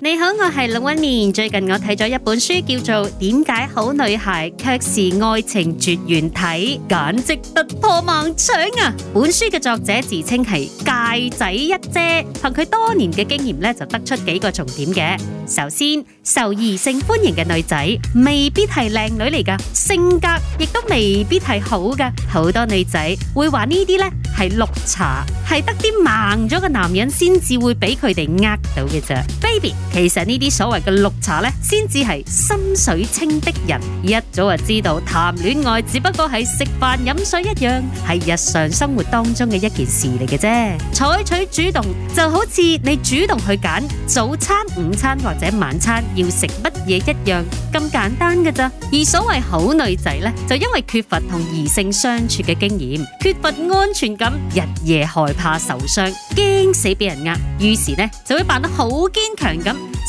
你好，我係龍紋敏。最近我睇咗一本書，叫做《點解好女孩卻是愛情絕緣體》，簡直突破盲腸啊！本書嘅作者自稱係介仔一姐，憑佢多年嘅經驗呢，就得出幾個重點嘅。首先，受異性歡迎嘅女仔未必係靚女嚟噶，性格亦都未必係好噶。好多女仔會話呢啲咧。係綠茶，係得啲盲咗嘅男人先至會俾佢哋呃到嘅啫。Baby，其實呢啲所謂嘅綠茶呢，先至係心水清的人，一早就知道，談戀愛只不過係食飯飲水一樣，係日常生活當中嘅一件事嚟嘅啫。採取主動就好似你主動去揀早餐、午餐或者晚餐要食乜嘢一樣，咁簡單㗎咋。而所謂好女仔呢，就因為缺乏同異性相處嘅經驗，缺乏安全感。日夜害怕受傷，驚死俾人呃，於是咧就會扮得好堅強咁，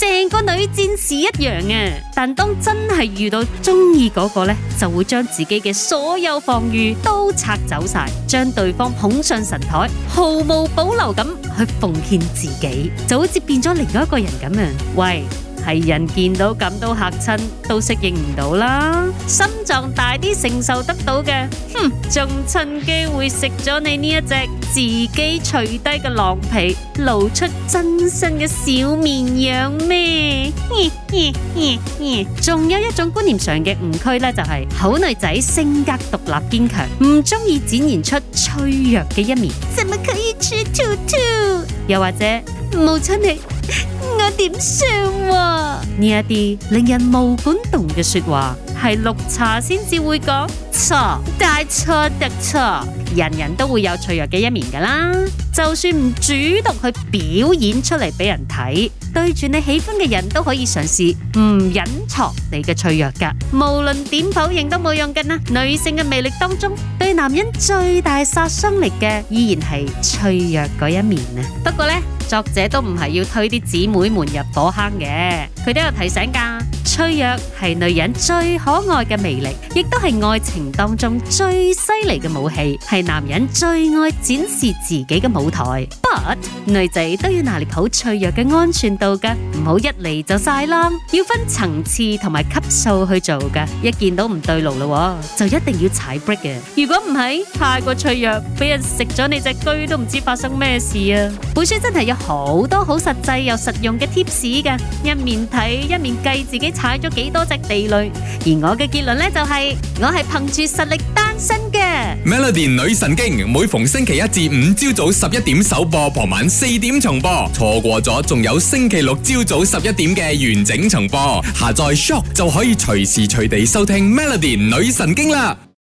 成個女戰士一樣啊！但當真係遇到中意嗰個呢就會將自己嘅所有防御都拆走晒，將對方捧上神台，毫無保留咁去奉獻自己，就好似變咗另外一個人咁樣！喂。係人見到咁都嚇親，都適應唔到啦。心臟大啲承受得到嘅，哼，仲趁機會食咗你呢一隻自己除低嘅狼皮，露出真身嘅小綿羊咩？仲、嗯嗯嗯嗯、有一種觀念上嘅誤區呢，就係好女仔性格獨立堅強，唔中意展現出脆弱嘅一面。怎麼可以吃兔兔？又或者母親你？點算？呢一啲令人毛管動嘅說話。係綠茶先至會講錯、大錯、特錯，人人都會有脆弱嘅一面噶啦。就算唔主動去表演出嚟俾人睇，對住你喜歡嘅人都可以嘗試唔隱藏你嘅脆弱噶。無論點否認都冇用嘅啦。女性嘅魅力當中，對男人最大殺傷力嘅依然係脆弱嗰一面啊。不過呢，作者都唔係要推啲姊妹們入火坑嘅，佢都有提醒噶。脆弱係女人最可愛嘅魅力，亦都係愛情當中最犀利嘅武器，係男人最愛展示自己嘅舞台。But 女仔都要拿捏好脆弱嘅安全度噶，唔好一嚟就晒啦，要分層次同埋級數去做噶。一見到唔對路咯，就一定要踩 brake 嘅。如果唔係太過脆弱，俾人食咗你隻車都唔知發生咩事啊！本書真係有好多好實際又實用嘅 tips 嘅，一面睇一面計自己，踩咗幾多隻地雷，而我嘅結論呢，就係、是，我係憑住實力單身嘅。Melody 女神經，每逢星期一至五朝早十一點首播，傍晚四點重播，錯過咗仲有星期六朝早十一點嘅完整重播。下載 Shock 就可以隨時隨地收聽 Melody 女神經啦。